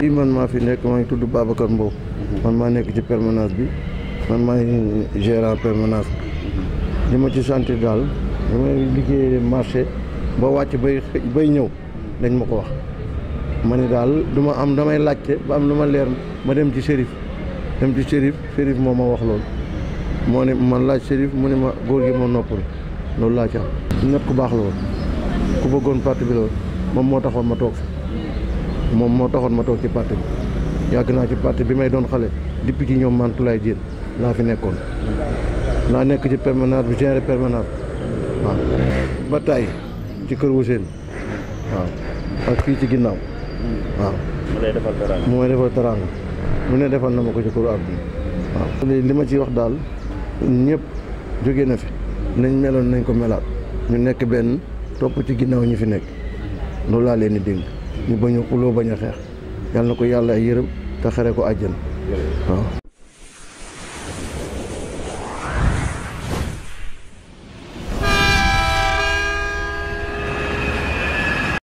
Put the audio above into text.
lii man maa fi nekk maa ngi tudd Babacar Mbow mhm. man maa nekk ci permanence bi man maay gérant permanence bi mhm. li ma ci sant daal damay liggéey marché ba wàcc bay bay ñëw dañ ma ko wax ma ne daal du ma am damay laajte ba am lu ma leer ma dem ci shérif dem ci shérif shérif moo ma wax loolu moo ne man laaj shérif mu ne ma góor gi moo noppal loolu laa ci am nit ku baax la ku bëggoon parti bi la woon moom moo taxoon ma toog moom moo taxoon ma toog ci parti bi yàgg naa ci parti bi may doon xale depuis ci ñoom Mantoulaye Diène laa fi nekkoon laa nekk ci permanence bi gérer permanence waaw ba tàyyi ci kër Wuseen waaw ak fii ci ginnaaw waaw mu lay defal teraanga mu ne defal na ma ko ci kër àdduna waaw li ma ci wax daal ñépp jóge na fi nañ meloon nañ ko melaat ñu nekk benn topp ci ginnaaw ñi fi nekk loolu laa leen di dénk ñu bañ a xuloo bañ a xeex yal na ko yàlla yërëm te xare ko àjjana waaw